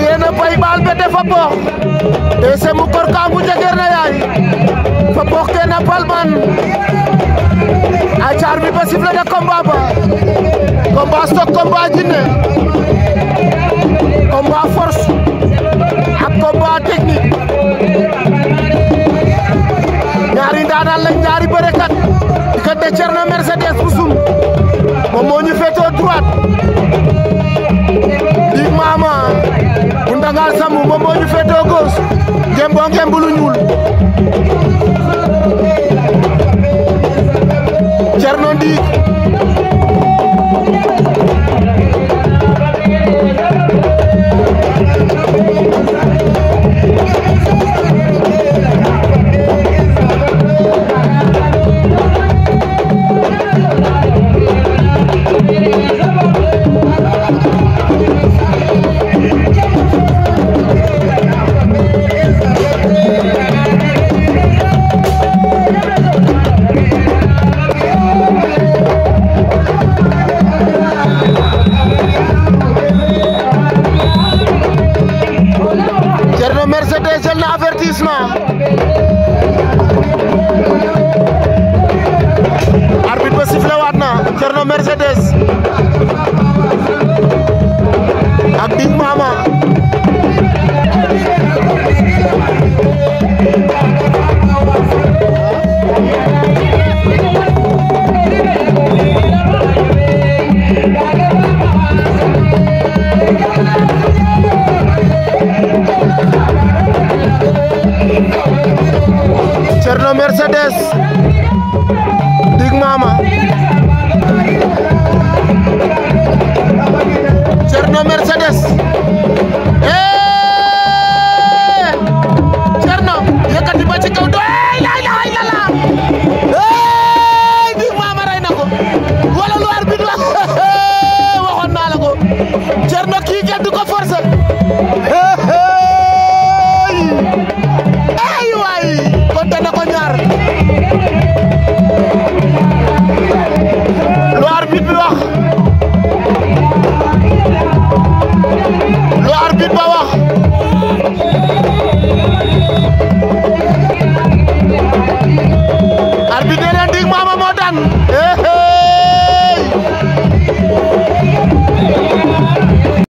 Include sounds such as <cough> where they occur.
yene pay bal bete fapo ese mu kor kambu jeger na yaay fapo ke na palman achar bi pasif la combat ba combat stok combat jinne combat force ak combat technique ñaari ndaanal lañ ñaari bërekat diggante Cerno Mercedes Sénégal Samb moom yor na Mercedes jël na avertissement Mercedes Big Mama Cerno Mercedes eh Cerno yëkkati ba ci kaw doy la la la la eh Big Mama ko wala war bi wax <laughs> waxoon naa la ko Cerno kii kenn du ko